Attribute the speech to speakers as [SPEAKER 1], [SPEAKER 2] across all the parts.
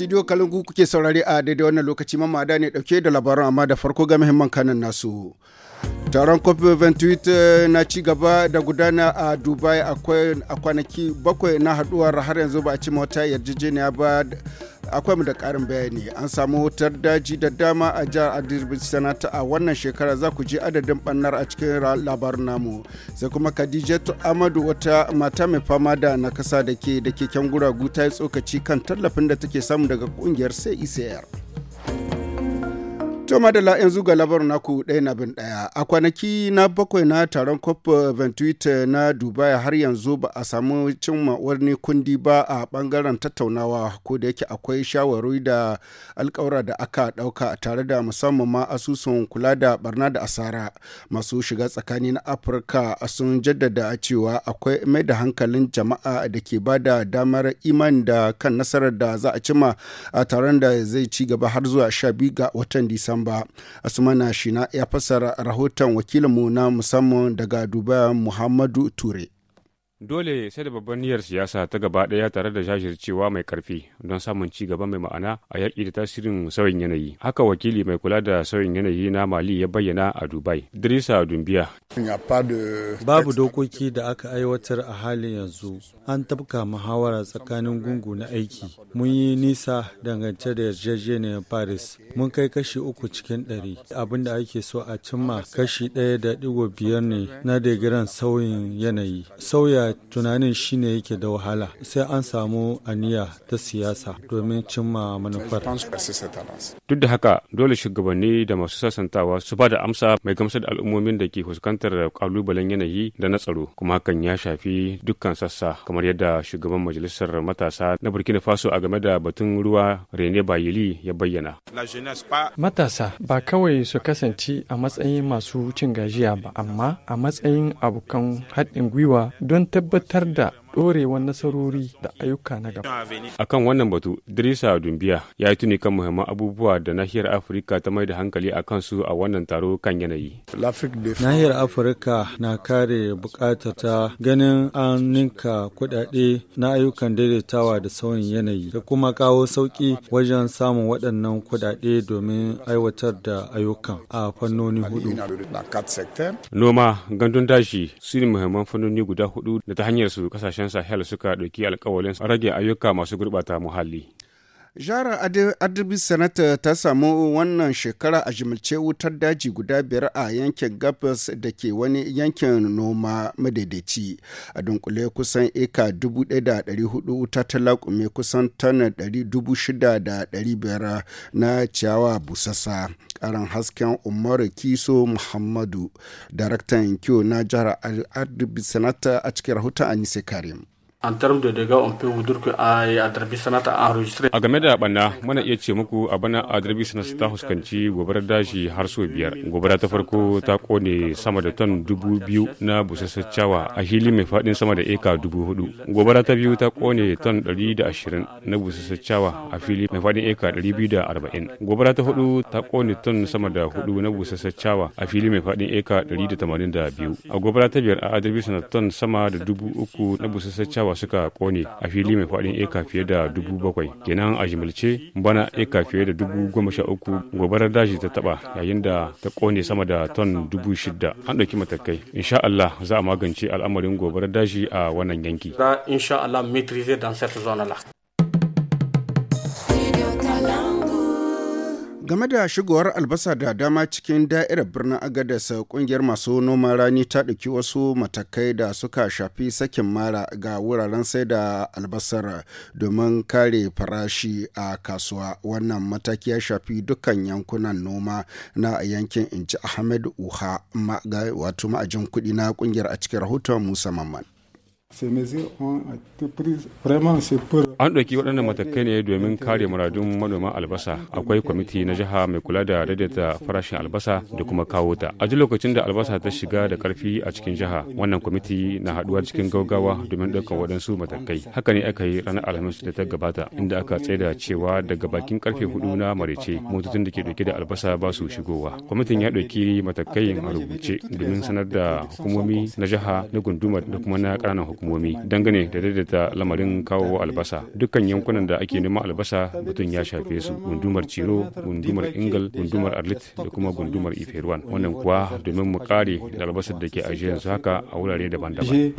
[SPEAKER 1] Studio Kalungu kuke saurari a daidai wannan lokaci mamada ne dauke da labaran amma da farko ga muhimman kanan nasu. taron cop 28 eh, na ci gaba da gudana a dubai a kwanaki bakwai na haduwar har yanzu ba a ci wata yarjejeniya ba akwai mu da karin bayani an samu wutar daji da dama a jihar adirbin sanata a wannan shekara za ku ji adadin bannar a cikin labarin namu sai kuma khadijatu amadu wata mata mai fama da nakasa da ke da keken guragu ta yi tsokaci kan tallafin da take samu daga kungiyar cicr e To madala yanzu ga labarin naku ɗaya na bin ɗaya. A kwanaki na bakwai na taron COP28 na Dubai har yanzu ba a samu cimma wani kundi ba a ɓangaren tattaunawa ko da yake akwai shawarwari da alkawura da aka ɗauka tare da musamman ma asusun kula da barna da asara. Masu shiga tsakani na Afirka sun jaddada cewa akwai mai da hankalin jama'a da ke ba da damar iman da kan nasarar da za a cima a taron da zai ci gaba har zuwa 12 ga watan Disamba. hakan ba asumana shina ya fassara rahoton wakilinmu na musamman daga dubai muhammadu ture
[SPEAKER 2] Dole sai da babban niyyar siyasa ta gaba ɗaya tare da cewa mai karfi don samun ci gaba mai ma'ana a yaƙi da tasirin sauyin yanayi. Haka wakili mai kula da sauyin yanayi na Mali ya bayyana a Dubai. drisa
[SPEAKER 3] Dumbiya.
[SPEAKER 4] Babu dokoki da aka aiwatar a halin yanzu. An tafka muhawara tsakanin gungu na aiki. Mun yi nisa dangance da yarjejeniyar Paris. Mun kai kashi uku cikin ɗari. Abin da ake so a cimma kashi ɗaya da digo biyar ne na digiran sauyin yanayi. Sauya tunanin tunanin shine yake da wahala sai an samu aniya ta siyasa domin cimma manufar.
[SPEAKER 2] Duk da haka dole shugabanni da masu sasantawa su ba da amsa mai gamsar al'ummomin da ke fuskantar kalubalen yanayi da na tsaro kuma hakan ya shafi dukkan sassa kamar yadda shugaban majalisar matasa na Burkina Faso a game da batun ruwa Rene Bayili ya bayyana.
[SPEAKER 4] Matasa ba kawai su kasance a matsayin masu cin gajiya ba amma a matsayin abokan haɗin gwiwa don terbeterdak ɗorewan nasarori da ayyuka na gaba.
[SPEAKER 2] a kan wannan batu, Drisa Dumbiya ya yi tuni kan muhimman abubuwa da nahiyar Afirka ta mai da hankali a kansu a wannan taro kan yanayi.
[SPEAKER 4] Nahiyar Afirka na kare bukatar ta ganin an ninka kuɗaɗe na ayyukan daidaitawa da sauyin yanayi da kuma kawo sauki wajen samun waɗannan kuɗaɗe domin aiwatar da ayyukan a fannoni hudu.
[SPEAKER 2] Noma, gandun dashi su ne muhimman fannoni guda hudu da ta hanyar su kasashen kasashensa Hell suka ɗauki alkawalin rage ayyuka masu gurɓata muhalli.
[SPEAKER 1] Jihar Adabi Sanata ta samu wannan shekara a jimilce wutar daji guda biyar a yankin gabas da ke wani yankin noma madaidaici. A dunkule kusan eka 1,400 wuta ta laƙume kusan tana 6,500 na ciyawa busassa. Karan hasken Umaru Kiso Muhammadu, daraktan kyau na jihar Adabi Sanata a cikin rahoton Anise Karim.
[SPEAKER 2] an da
[SPEAKER 4] daga on peut a Darbi sanata ta enregistré
[SPEAKER 2] a game da banna mana iya ce muku a bana a Darbi Sana ta huskanci gobarar daji har sau biyar gobara ta farko ta kone sama da ton dubu biyu na busassar cawa a hili mai fadin sama da eka dubu hudu gobara ta biyu ta kone ton ɗari da ashirin na busassar cawa a fili mai fadin eka ɗari biyu da arba'in gobara ta hudu ta kone ton sama da hudu na busassar cawa a fili mai fadin eka ɗari da tamanin da biyu a gobara ta biyar a Darbi Sana ton sama da dubu uku na busassar cawa yawa suka kone a fili mai faɗin eka fiye da dubu bakwai kenan a jimilce bana eka fiye da dubu goma sha uku gobarar daji ta taɓa yayin da ta kone sama da ton dubu shida an ɗauki matakai insha Allah za a magance al'amarin gobarar daji a wannan yanki.
[SPEAKER 1] Game da shigowar albasa da dama cikin da'irar birnin Agadas kungiyar masu noman rani ta ɗauki wasu matakai da suka shafi sakin mara ga wuraren sai da albasar domin kare farashi a kasuwa. Wannan mataki ya shafi dukkan yankunan noma na yankin Inci Ahmed Uha wato ma'ajin kuɗi na kungiyar a cikin rahoton Musa Mamman.
[SPEAKER 3] An
[SPEAKER 2] ɗauki waɗannan matakai ne domin kare muradun manoman albasa. Akwai kwamiti na jiha mai kula da daidaita farashin albasa da kuma kawo ta. A lokacin da albasa ta shiga da ƙarfi a cikin jiha, wannan kwamiti na haɗuwa cikin gaugawa domin ɗaukar waɗansu matakai. Haka ne aka yi ranar Alhamis da ta gabata, inda aka tsaida cewa daga bakin ƙarfe hudu na marece motocin da ke ɗauke da albasa ba su shigowa. Kwamitin ya ɗauki matakai a rubuce domin sanar da hukumomi na jiha na gunduma da kuma na ƙananan hukumomi dangane da daidaita lamarin kawo albasa dukkan yankunan da ake neman albasa mutum ya shafe su gundumar ciro gundumar ingal gundumar arlit da kuma gundumar iferuwan wannan kuwa domin mu kare da albasar da ke ajiyar su haka a wurare daban-daban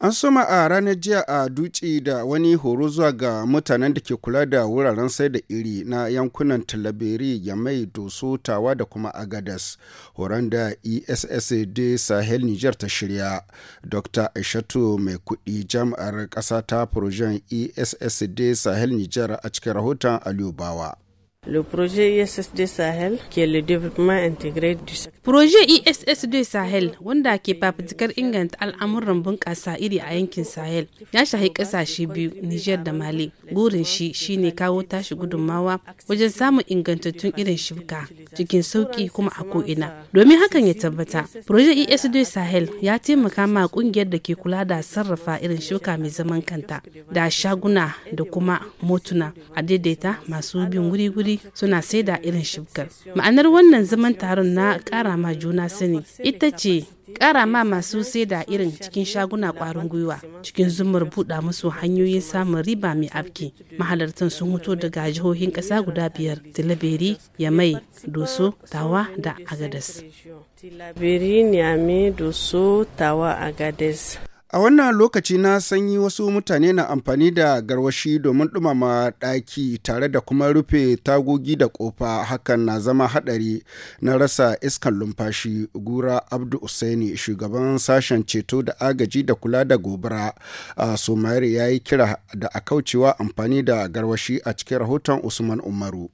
[SPEAKER 3] An soma
[SPEAKER 1] a ranar jiya a Dutse da wani horo zuwa ga mutanen da ke kula da wuraren sai da iri na yankunan ya mai Doso, Tawa da kuma Agadas, horon da ESSAD Sahel Niger ta shirya. Dr. Aishatu mai kudi jam'ar ƙasa ta Projen essd Sahel Niger a cikin rahoton Aliyu
[SPEAKER 5] Bawa. Le projet ISSD Sahel, qui est le développement intégré du secteur. Projet ISSD Sahel, wanda ke fafutukar inganta al'amuran bunƙasa iri a yankin Sahel, ya shahi ƙasashe biyu, Nijar da Mali. Gurin shi shine kawo tashi gudunmawa wajen samun ingantattun irin shibka cikin sauƙi kuma a ko'ina. Domin hakan ya tabbata, Proje ISSD Sahel ya taimaka ma ƙungiyar da ke kula da sarrafa irin shuka mai zaman kanta, da shaguna da kuma motuna a daidaita masu bin wuri-wuri suna sai da irin shibkar ma'anar wannan zaman taron na ƙara ma juna sani ita ce ƙara ma masu da irin cikin shaguna ƙwarin gwiwa cikin zumar buɗa musu hanyoyin samun riba mai afki mahalartan sun hoto daga jihohin ƙasa guda biyar tilaberi yamai doso tawa da agadas tilaberi doso tawa agadas A wannan lokaci
[SPEAKER 1] na sanyi wasu mutane na amfani da garwashi domin dumama ɗaki tare da kuma rufe tagogi da ƙofa hakan na zama haɗari na rasa iskan lumfashi gura Abdu Usaini shugaban sashen ceto da agaji da kula da gobara a Somari ya yi kira da a kaucewa amfani da garwashi a cikin rahoton
[SPEAKER 3] Usman Umaru.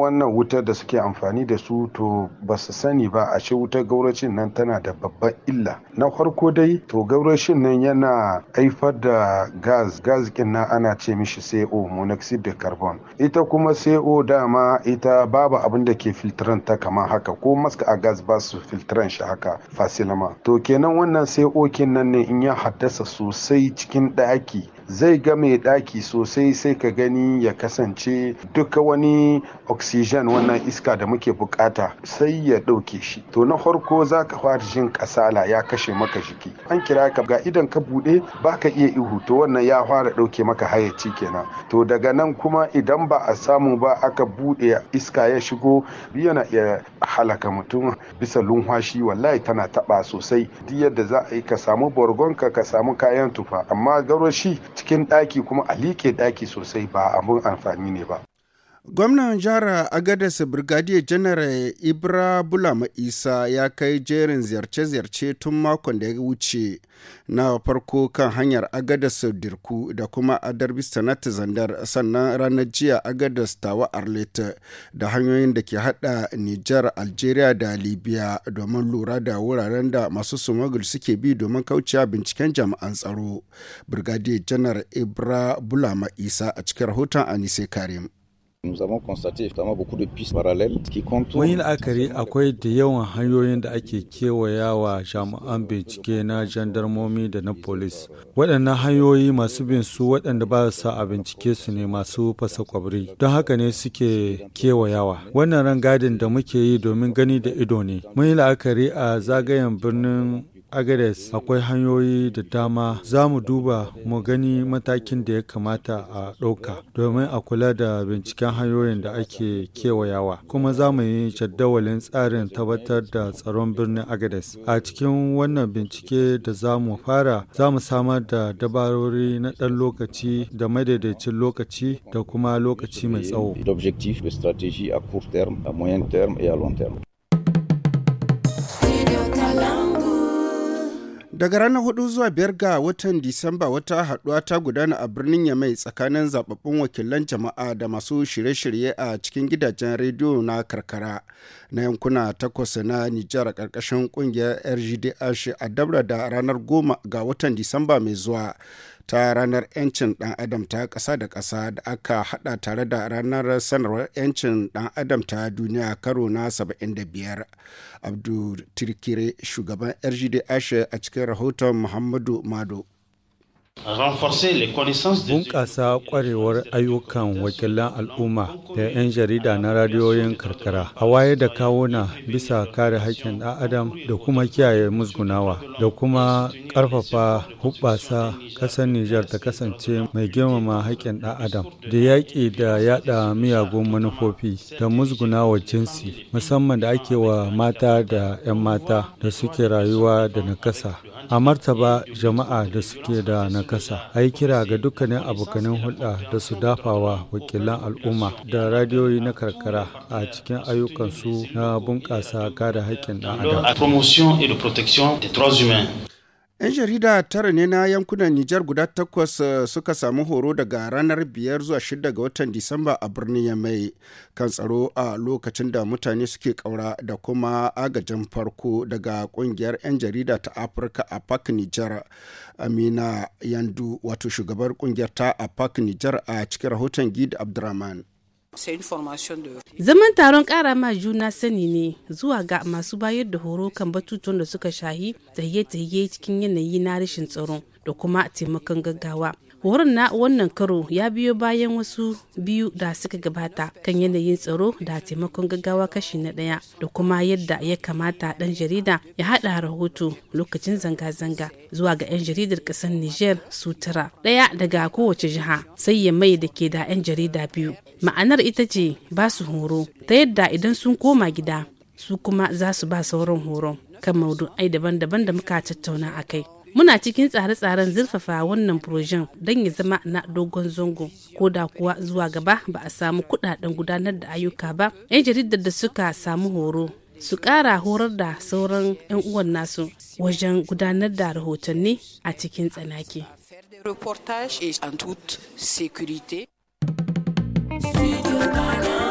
[SPEAKER 3] wannan wutar da suke amfani da su to ba su sani ba a ce wutar gaurashin nan tana da babban illa na farko dai to gaurashin nan yana haifar da gas gas na ana ce mishi co monoxide da carbon ita kuma co dama ita babu abin da ke filtran ta kamar haka ko maska a gas ba su filtran shi haka fasilama to kenan wannan co kin nan ne in ya haddasa sosai cikin ɗaki zai ga mai ɗaki sosai sai ka gani ya kasance duka wani oxygen wannan iska da muke bukata sai ya ɗauke shi to na farko za ka fara jin kasala ya kashe maka jiki an kira ka ga idan ka buɗe ba ka iya ihu to wannan ya fara ɗauke maka hayaci kenan to daga nan kuma idan ba a samu ba aka buɗe iska ya shigo yana iya halaka mutum bisa lumhashi wallahi tana taɓa sosai duk yadda za a yi ka samu borgon ka ka samu kayan tufa amma garo shi cikin ɗaki kuma a liƙe ɗaki sosai ba abun amfani ne ba
[SPEAKER 1] Gwamnan jihar Agadez Brigadier General Ibra Bulama Isa ya kai jerin ziyarce-ziyarce tun makon da ya wuce na farko kan hanyar Agadez Dirku da kuma Adarbi Sanat Zandar sannan ranar jiya Agadez Tawa Arlet da hanyoyin da ke hada Nijar, Algeria da Libya domin lura da wuraren da masu sumagul suke bi domin kaucewa binciken jami'an tsaro. Brigadier General Ibra Bulama Isa a cikin rahoton Anise Karim. Wani
[SPEAKER 4] la'akari akwai da yawan hanyoyin da ake kewayawa jami'an bincike na jandarmomi da na polis. Waɗannan hanyoyi masu bin su waɗanda ba sa a bincike su ne masu fasa kwabri. Don haka ne suke kewayawa. Wannan rangadin da muke yi domin gani da ido ne. Mun yi la'akari a zagayen birnin agades akwai hanyoyi da dama za mu duba mu gani matakin da ya kamata a ɗauka domin a kula da binciken hanyoyin da ake kewayawa kuma za mu yi jadawalin tsarin tabbatar da tsaron birnin agades a cikin wannan bincike da za mu fara za mu samar da dabarori na ɗan lokaci da madaidaicin lokaci da kuma lokaci mai tsawo
[SPEAKER 1] Daga ranar 4 zuwa 5 ga watan Disamba wata haduwa ta gudana a birnin Yamai tsakanin zababbun wakilan jama'a da masu shirye-shirye a cikin gidajen rediyo na karkara na yankuna takwas na Nijar a karkashin ƙungiyar RGDH a dabra da ranar 10 ga watan Disamba mai zuwa. ta ranar 'yancin ɗan adam ta ƙasa da ƙasa da aka haɗa tare da ranar sanarwar 'yancin ɗan adam ta duniya karo na 75 abdu tirkire shugaban rgd ashe a cikin rahoton muhammadu mado
[SPEAKER 4] Bunƙasa ƙwarewar ayyukan wakilan al'umma da 'yan jarida na radiyoyin karkara, a waye da kawuna bisa kare haƙƙin ɗan adam da kuma kiyaye musgunawa, da kuma ƙarfafa hubbasa ƙasar Nijar ta kasance mai girmama haƙƙin ɗan adam, da yaƙi da yaɗa miyagun manufofi da musgunawa jinsi, musamman da ake wa mata da 'yan mata da suke rayuwa da nakasa, a martaba jama'a da suke da nakasa. kasa a yi kira ga dukkanin abokanin hulɗa da su dafawa wakilan al'umma da radiyoyi na karkara a cikin ayyukansu na bunƙasa kare haƙƙin ɗan adam 'Yan jarida tara ne na yankunan Nijar
[SPEAKER 1] guda takwas eh, suka samu horo daga ranar biyar zuwa shida ga watan Disamba a birnin Yamai kan tsaro a lokacin da mutane suke kaura da kuma agajin farko daga kungiyar 'yan jarida ta Afirka a pak Nijar. Amina Yandu wato shugabar kungiyar ta a pak Nijar a cikin rahoton Gid Abdurrahman.
[SPEAKER 5] Zaman taron ƙara ma juna sani ne zuwa ga masu bayar da horo kan batutuwan da suka shahi tahiye-tahiye cikin yanayi na rashin tsaro da kuma taimakon gaggawa. Horon na wannan karo ya biyo bayan wasu biyu da suka gabata kan yanayin tsaro da taimakon gaggawa kashi na ɗaya da kuma yadda ya kamata ɗan jarida ya haɗa rahoto lokacin zanga-zanga zuwa ga 'yan jaridar ƙasar Nijar sutura ɗaya daga kowace jiha sai ya mai da ke da 'yan jarida biyu ma'anar ita ce ba su horo ta yadda idan sun koma gida su kuma za su ba sauran horon kan maudu'ai daban-daban da muka tattauna a kai muna cikin tsare-tsaren zurfafa wannan projen don ya zama na dogon zango ko da kuwa zuwa gaba ba a samu kudaden gudanar da ayyuka ba 'yan jaridar da suka samu horo su kara horar da sauran 'yan uwan nasu wajen gudanar da rahotanni a cikin tsanaki.
[SPEAKER 6] Studio Banana.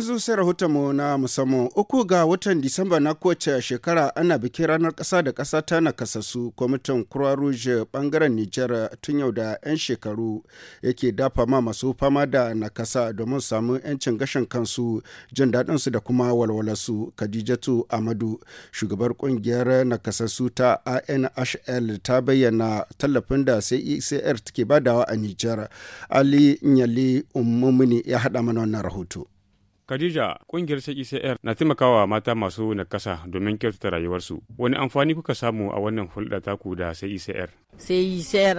[SPEAKER 1] sai rahoton mu na musamman uku ga watan disamba na kowace shekara ana bikin ranar kasa da kasa ta nakasassu kwamitin croix rouge bangaren niger tun yau da 'yan shekaru yake dafa ma masu fama da nakasa domin samun 'yancin gashin kansu jin daɗinsu da kuma walwalarsu kadijatu amadu shugabar ƙungiyar nakasassu ta anhl ta bayyana tallafin da cecr take badawa a niger ali nyali umumini ya haɗa mana wannan
[SPEAKER 2] rahoto Khadija kungiyar ICR e na taimakawa mata masu nakasa domin kyautata rayuwarsu. Wani amfani kuka samu a wannan hulɗa taku da Sai e
[SPEAKER 6] e ICR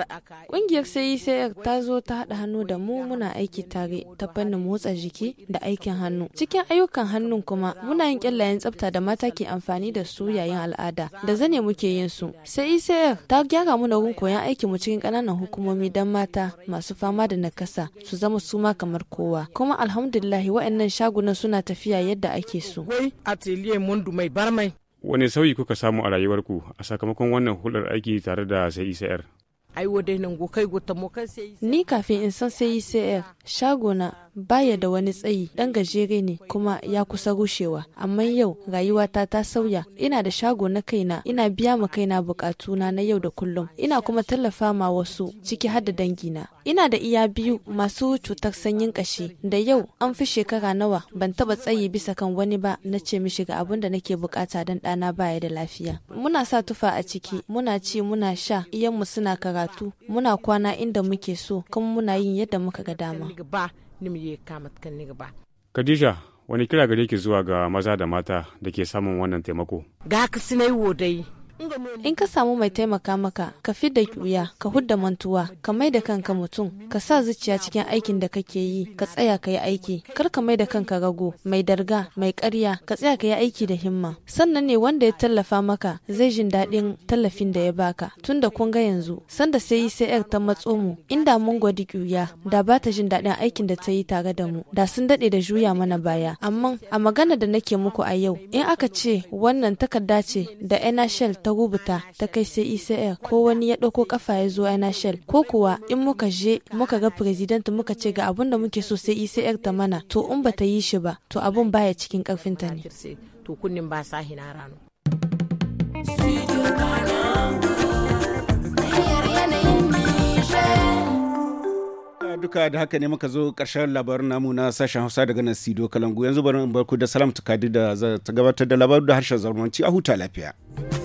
[SPEAKER 6] Kungiyar ICR ta zo ta haɗa hannu da mu muna aiki tare ta fannin motsa jiki da aikin hannu. Cikin ayyukan hannun kuma muna yin ƙyallayen tsafta da mata ke amfani da su yayin al'ada da zane muke yin su. ICR ta gyara mu da koyon aikin mu cikin ƙananan hukumomi dan mata masu fama da nakasa su zama suma kamar kowa. Kuma alhamdulillah wa'annan shago. magunguna suna tafiya yadda ake so. mundu mai
[SPEAKER 2] Wani sauyi kuka samu a rayuwarku a sakamakon wannan hulɗar aiki tare da sai e ICR?
[SPEAKER 6] E Ni kafin in san sai ICR, e shagona baya da wani tsayi dan gajere ne kuma ya kusa rushewa amma yau rayuwata ta sauya ina da shago na kaina ina biya ma kaina bukatuna na yau da kullum ina kuma tallafa ma wasu ciki har da dangina ina da iya biyu masu cutar sanyin kashi da yau an fi shekara nawa ban taba tsayi bisa kan wani ba na ce mishi ga abun da nake bukata dan dana baya da lafiya muna sa tufa a ciki muna ci muna sha mu suna karatu muna kwana inda muke so kuma muna yin yadda muka ga dama nim ye kamat kan ni ba
[SPEAKER 2] Khadija wani kira gare ki zuwa ga maza da mata da ke samun wannan taimako
[SPEAKER 6] ga ka sinai wo dai In ka samu mai taimaka maka, ka fi da wuya, ka hudda mantuwa, ka mai da kanka mutum, ka sa zuciya cikin aikin da kake yi, ka tsaya ka yi aiki, kar ka mai da kanka rago, mai darga, mai karya, ka tsaya ka yi aiki da himma. Sannan ne wanda ya tallafa maka zai jin daɗin tallafin da ya baka, tun da kun ga yanzu, sanda sai yi sai ta matso mu, inda mun gwadi wuya, da ba ta jin daɗin aikin da ta yi tare da mu, da sun daɗe da juya mana baya. Amma a magana da nake muku a yau, in aka ce wannan takarda ce da Enashel ta rubuta ta kai sai ecr ko wani ya ɗauko kafa ya zo shell ko kuwa in muka je muka ga president muka ce ga abun da muke so sai ecr ta mana to in ba ta yi shi ba to abun baya cikin karfin ta ne
[SPEAKER 1] duka da haka ne muka zo karshen labarin namu na sashen hausa daga nan sido kalangu yanzu bari in barku da salam tukadi da ta gabatar da labaru da harshen zamanci a huta
[SPEAKER 3] lafiya.